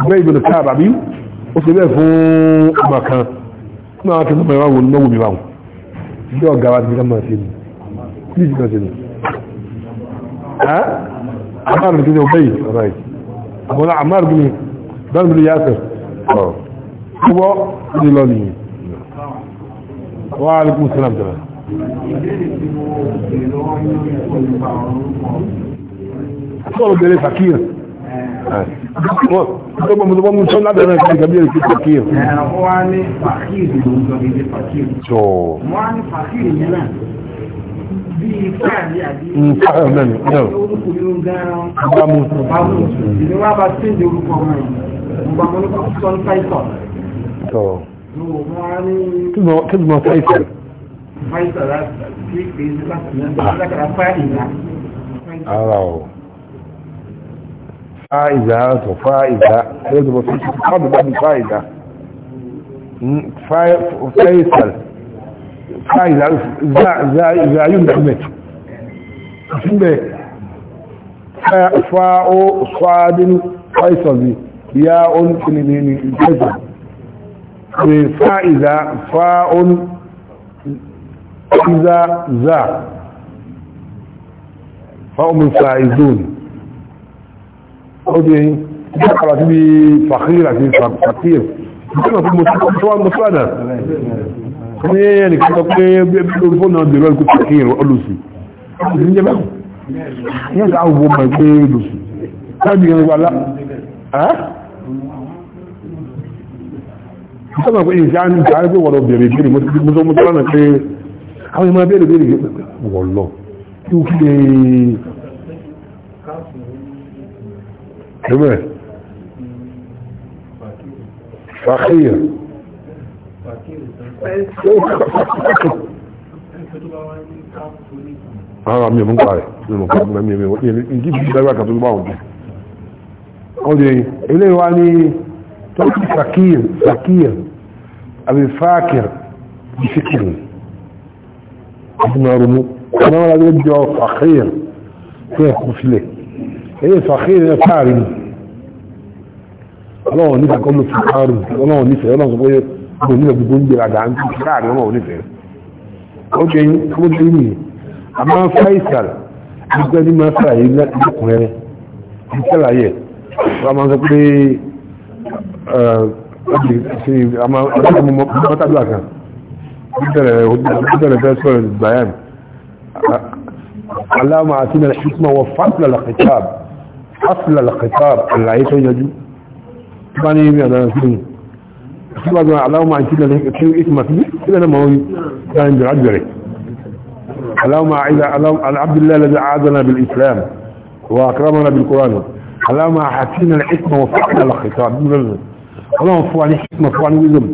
ọgbẹ́ ìbìnà káàbà bí ó ṣe bẹ́ẹ̀ fún ọmọ kan fún àwọn akẹ́kọ̀ọ́ ìwà wọn náwó mi wà wọn bí ọ̀gá wa ti fi kánmà sí mi bí ìjìnà sí mi àmàrù kí ni ọgbẹ́ yìí ọ̀rọ̀ yìí àwọn àmàrù kí ni bẹ́ẹ̀ mi yàtọ̀ ọ̀rọ̀ ní lọ nìyí wàhálà kùn sílámù tẹ̀lé. Sọ́ọ̀lù bẹ̀rẹ̀ fàkíyàn ọgbọ̀n mọ̀tọ́ mú sọ lábẹ́rẹ́ sí ìgbàgbé èkó fàkíyè. wọ́n á ní fàkíyè ló ń sọ ní fàkíyè. wọ́n á ní fàkíyè yẹn náà bíi fáàlì àbí orúkọ yóò dára ọbámu ìdí wá bá tí ìdí orúkọ wọn ọba mọ́ nípa sọ́n fáìsọ̀. kí ni mo fáìsọ̀? fáìsọ̀ láti pé pé láti mẹ́ta lákàrà fáìlì náà. فائزة فائزة لازم قبل بعد فائزة فيصل فائزة زعيون حمد اسمه فاء صاد فيصل ياء كذب فائزة فاء إذا زا فهم الفائزون obìnrin bí ọ̀rọ̀ sí bí fàkír àti fàkír nígbà tó mọ̀síwá mọ̀síwádà ní ẹnìkan tó pé lórí fóònù náà bèèrè ọ̀rọ̀ fàkír olùsù ní jẹ́ báwọn yẹ́ ta àwọn ọmọ ẹgbẹ́ olùsù láti gẹ̀rẹ̀ wà láà sọ́nà pé ìṣẹ́ àti ìṣẹ́ pé wọ́n bèèrè bèèrè mọ́sọ́mọ́sọ́ كمان فقير ara mi mun kare mi mun kare mi mi ni ngi bi dawa ka tun ba won o de ile wa ni to fakir fakir abi fakir bi fikir abuna rumu kana wala de jo fakir ko ko file èyí fàkírí ẹ fáàrí ni ọlọ́wọ̀n nífẹ̀ẹ́ kọ́ ló fi fáàrí ọlọ́wọ̀n nífẹ̀ẹ́ ọlọ́wọ̀n sọ pé mo nílẹ̀ gbogbo ń gbèrà dáa ń tún fáàrí ọlọ́wọ̀n nífẹ̀ẹ́ ó jẹ́ yín ó jẹ́ yín àmọ́ Faisal nígbà ní máa sàlàyé lẹ́kùnrin rẹ̀ ní sàlàyé wọ́n máa sọ pé mọ́tàdúrà aláwọ̀ àti ìlànà wọ fásitì lọ́kẹ̀kẹ́ أصل الخطاب العيط يجو كان يبيع لنا فيه كما علاوة ما عن كل شيء اسمه فيه كلا لما هو كان بالعجري اللهم إذا اللهم على عبد الله الذي عادنا بالإسلام وأكرمنا بالقرآن علاوة ما حكينا الحكمة وفقنا الخطاب علاوة ما فواني حكمة فواني وزم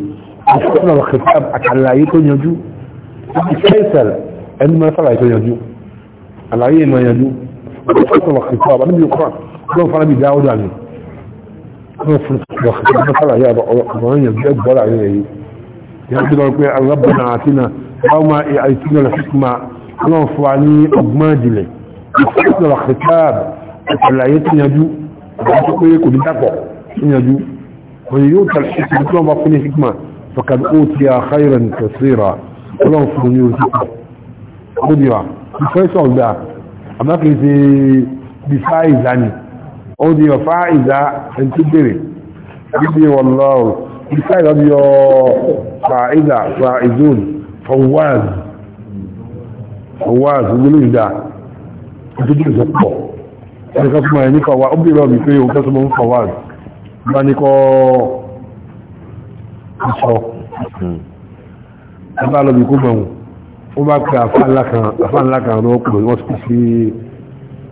أصل الخطاب أكلا يكون يجو كيسل عندما يطلع يكون يجو العين ما يجو أصل الخطاب أنا بيقرأ ló fara bí dáwọ́ dà ní wọ́n fún ọ̀kọ̀ọ̀kọ̀ yà bọ̀ ọ̀rọ̀ yẹn jẹ́ bọ́lá rẹ̀ yìí yà bí lọ pé alábọ̀nà àti nà báwọn máa ẹ̀ àìsí lọ lọ fíkùmá wọ́n fún wa ní ọgbọ́n ìjìnlẹ̀ ìfọ́sọ̀rọ̀ kìtáàb àtàlàyé tí yanjú àti pé kò ní dàpọ̀ tí yanjú wọ́n yóò tà sí ti tí wọ́n bá fún ní fíkùmá fọkàn ó ti à khayran kẹsìrà wọ́n fún ní orí fíkùmá ó di wa ìfẹ́sọ̀ gbà àbákẹ́ ti bí sáà ìzánì odi yọ fáìzà ẹ̀ntí bèrè ibi wọlọ́rọ̀ ìfẹ́ ìlọ́bí yọ fáìzà fáìzùn fọwọ́z fọwọ́z gbogbo ìdá ẹ̀ntí bèrè tó pọ̀ ẹ̀ka fún ẹ̀ ní fọwọ́ ó bèrè ọ̀bì pé òun tẹ́sọ́ mọ́ ń fọwọ́z bá ní kọ́ ìṣọ́ ó bá pe àfáà ńlá kan lọ́pọ̀ wọ́n sì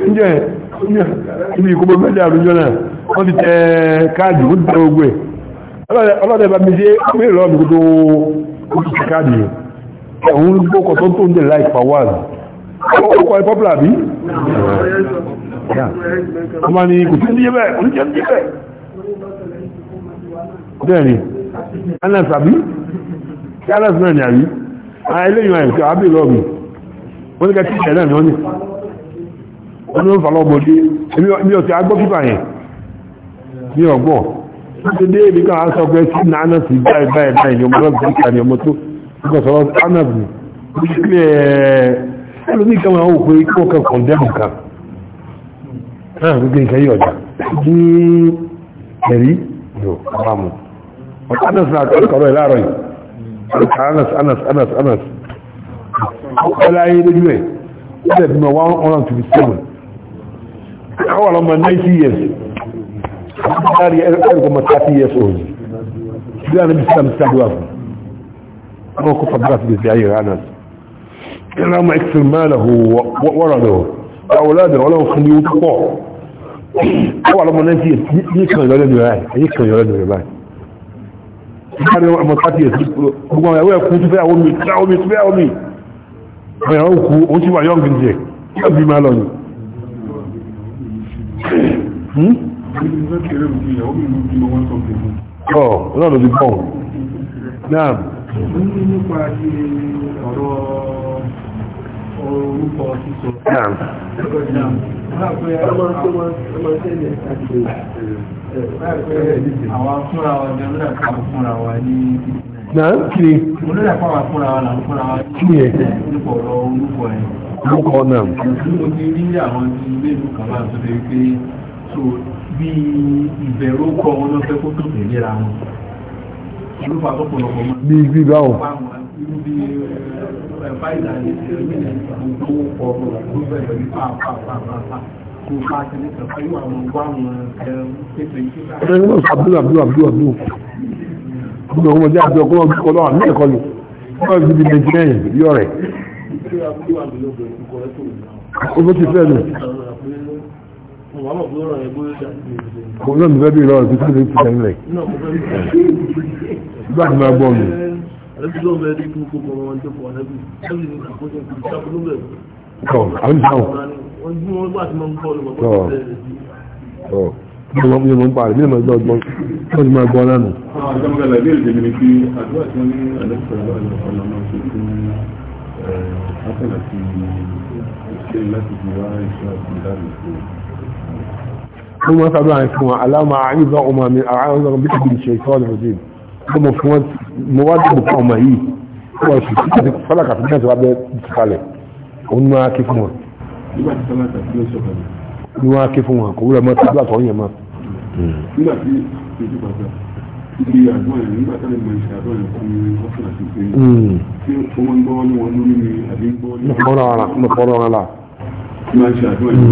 ǹjẹ́ ibi ìkóbó mẹ́lẹ̀ àrùjọ náà wọ́n ti tẹ káàdì ó ti tẹ ogun ẹ̀ ọlọ́dẹ̀ bá mi ṣe pé ìrọ̀ tó ti tẹ káàdì ẹ̀ òun ló kọ̀ tó ń dẹ̀ láì pàwọ́ àrùn ó kọ̀ ẹ̀ bí wọ́n ní kẹ́kẹ́ ìṣẹ̀lẹ̀ ní wọ́n ní wọ́n ní ó fàlọ́ ọmọdé mi ò ti agbọ́ pípa yẹn mi ò gbọ́ láti dé ibi kan aṣọ pé sí nàánà sí báyìí báyìí báyìí ni ọláyé lójú ẹ̀ ó dẹ̀ bímọ 127 àwọn ọlọ́mọ 90 years láàrí ẹ̀rọ̀gbọmọ 30 years old bí a níbi sílẹ̀ mr duwaf wọ́n kó fàbílá sí gbèsè ayé ránà ilẹ̀ ọmọ ẹ̀kṣin mẹ́lẹ̀ wọ́rọ̀dọ̀ àwòládẹ̀ ọlọ́run fún ní ó pọ̀ àwọn ọlọ́mọ 90 years ní kan ìyọ́lẹ́nu rẹ̀ ayé kan ìyọ́lẹ́nu rẹ̀ báyìí láàrin ọmọ 30 years gbogbo àwọn ẹ̀wọ́ ẹ̀kú tó fẹ́ ọ̀yà òkú ó sì wà yọ́ gbìyànjẹ́ yóò bí máa lọ ní hmm? ọ̀ náà ló ti bọ́n náà ọ̀rọ̀ orúkọ sísọ náà àwọn fúnra wa jẹ́ lọ́dà káàkiri fúnra wa ní na ń kiri. mo lè fúnra wa náà fúnra wa. kí ni ẹ. nípa ọ̀rọ̀ olúkọ ẹ. olúkọ náà. mo ti rí àwọn ilé ìlú kan máa tó lè pé so bí ìbẹ̀rù kọ wọn lọ fẹ́ kó tó tẹ̀lé ra wọn. olúfa tó máa. bí bí báwo. irú bí fáìlà yìí ti rí ní ìgbówó pọ̀ lọ́wọ́ pẹ̀lú pàápàá Ọ̀rẹ́ yóò sọ Abdul Abdul Abdul gbogbo ọmọ jẹ́ àjọ ọkọ̀ ọmọ ọlọ́wà ní ẹ̀kọ́ ni wọ́n fi di nàìjíríà yọ rẹ̀. owó ti fẹ́ nù. kò náà nífẹ̀ẹ́ bí ìlọrin tó tún lè fi tẹ̀lé nígbà tí máa gbọ́ mi. Tọ́ àwọn ìdáhùn. Tọ́ ọmọ mi mọ̀ ń parí mílíọ̀nù ọjọ́ ọgbọ́n tó ti máa gbọ́ lánàá. àjọmọ̀gbẹ̀lẹ̀ bí èdè mi ni pé àdúrà tí wọ́n ní àdẹ́sọ̀rọ̀ ọ̀nà máa ṣe fún apẹ̀lẹ̀ tí ṣe láti fi wá iṣẹ́ àti ìdáàbò fún wọ́n máa sábà ń fún wa aláma àyíká ọmọ mi àwọn ọmọ bí kìí ṣe ìṣọ́ ọ̀nà ọ̀dẹ́ tó mo fún wọn mo wá dùn fún ọmọ yìí tó wọ́n sì ti fọ́lá kàtúntà tó wá bẹ́ẹ̀ ti kalẹ̀ òun máa kí fún wọn. nígbà tí sọ́lá kàtúntà sọ̀rọ̀ ni wọ́n á ké fún wọn kò wúlò mọ́ tábìlì àtọ̀ yẹn mọ́. nígbà tí ìdí bàbá ibi àdúrà yẹn nígbà tí àdúrà yẹn àdúrà yẹn fún àti pé ṣé owó ń gbọ́ ní wọn lórí mi àbí ń gbọ́ ní. mo fọ́nà ara mo la. máa ń ṣe àdúrà yẹn.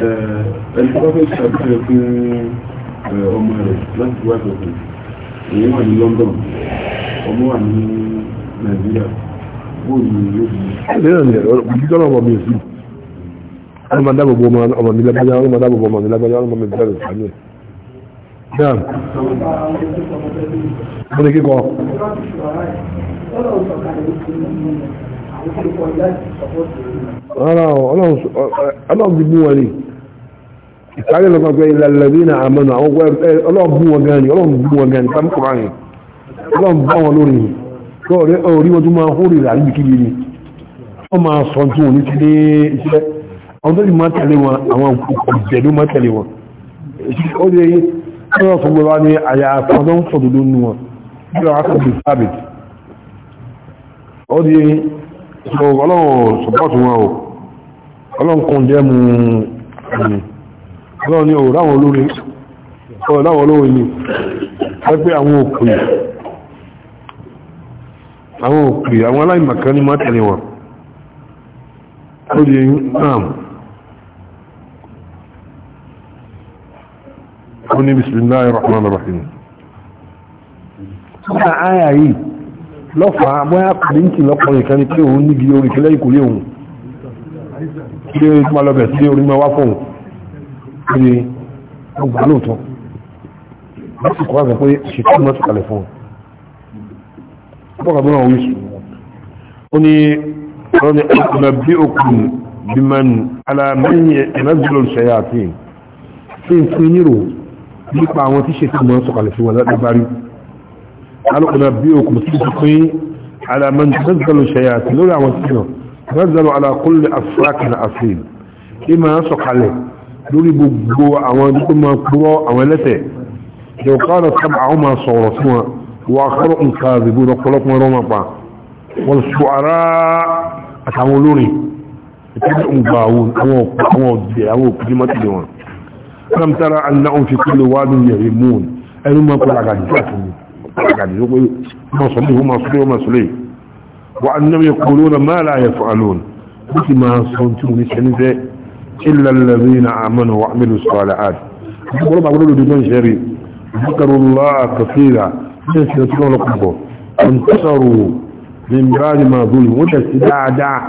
Hmm. ẹni tó bá fẹ́ ṣe àdúrà yẹn fún ọmọ rẹ̀ láti wá ìgbọ̀kùn èyí wà ní London ọmọ wà ní Nàìjíríà bóyá yóò fi. ẹ lẹ́yìn ọ̀rọ̀ òjijì wọ́n máa dábòbò ọmọ mi lágbájá wọ́n máa dábòbò ọmọ mi lágbájá wọ́n máa mi bẹ̀rẹ̀ ìsàlẹ̀ náà wọ́n ní kíkọ́ ọlọ́run ti bú wọn ni ìsàlẹ̀ lọ́kàn pé ìlàlẹ́bí náà àmọ́nà àwọn ọlọ́run bú wọn gan ni ọlọ́run bú wọn gan ni sáà mọ́kànlá yẹn ọlọ́run bá wọn lórí yìí tó rí wọn tó máa ń hórìrà níbikíbi ni wọ́n máa sọ tí wọn ti dé iṣẹ́ àwọn tó ti máa tẹ̀lé wọn àwọn ìjẹ̀lú máa tẹ̀lé wọn ó lè yí ọ̀rọ̀ fún gbọ́lá ní àyà àfọ́dọ́ o ọlọ́run kan jẹ́ mu ọlọ́run ní òòrùn àwọn olórin ọ̀rọ̀ láwọn olórin ni wọ́n pé àwọn òkè àwọn òkè àwọn aláìmọ̀kan ní máa tẹ̀lé wọn ó lè yí náà قولي بسم الله الرحمن الرحيم آية هي لفع ما بنتي لقوا كان كيو نيجي يوري كلاي كل يوم كيو ما لبس كيو ما وافون كيو غلوتو بس كوا كوي شيطان ما تكلفون بقى دونا ويش اني راني نبئكم بمن على من ينزل الشياطين فين فين يروح nípa àwọn tí ṣètò mọ́ sọ̀kalẹ̀ sí wọn lágbárí alùpùpù bí okùn sí ti pín alamọ́n tẹ́zẹ̀lù ṣẹ̀yà àti lórí àwọn tí náà tẹ́zẹ̀lù alákùnlẹ̀ afraka asin kí máa sọ̀kalẹ̀ lórí gbogbo àwọn tó máa kúrọ́ àwọn ẹlẹ́tẹ̀ yóò kára sábà àwọn máa sọ̀rọ̀ sí wọn wà kọ́rọ̀ nǹkan àzìbò lọ́pọ̀lọpọ̀ rọ́ máa pa wọ́n sọ ara àtàwọn olórin ìtẹ́lẹ̀ ń gbà àwọn òkú àwọn òkú ألم ترى أنهم في كل واد يهيمون اي ما قل أغاني ما صليه ما صليه ما صليه وأنهم يقولون ما لا يفعلون مثل ما صنتم نسعنزة إلا الذين آمنوا وعملوا الصالحات يقولون أقولوا دون شري ذكروا الله كثيرا يسنسون انتصروا من بعد ما ظلموا وتسدع ما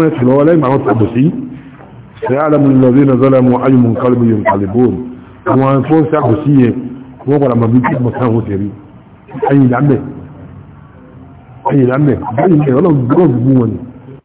كانت الأولى مع الطبسي سيعلم الذين ظلموا أي منقلب ينقلبون وأن تكون سيكوسية وقال ما بيجي مكانه تري أي لعمه أي لعمه أي لعمه ولو جوز بوني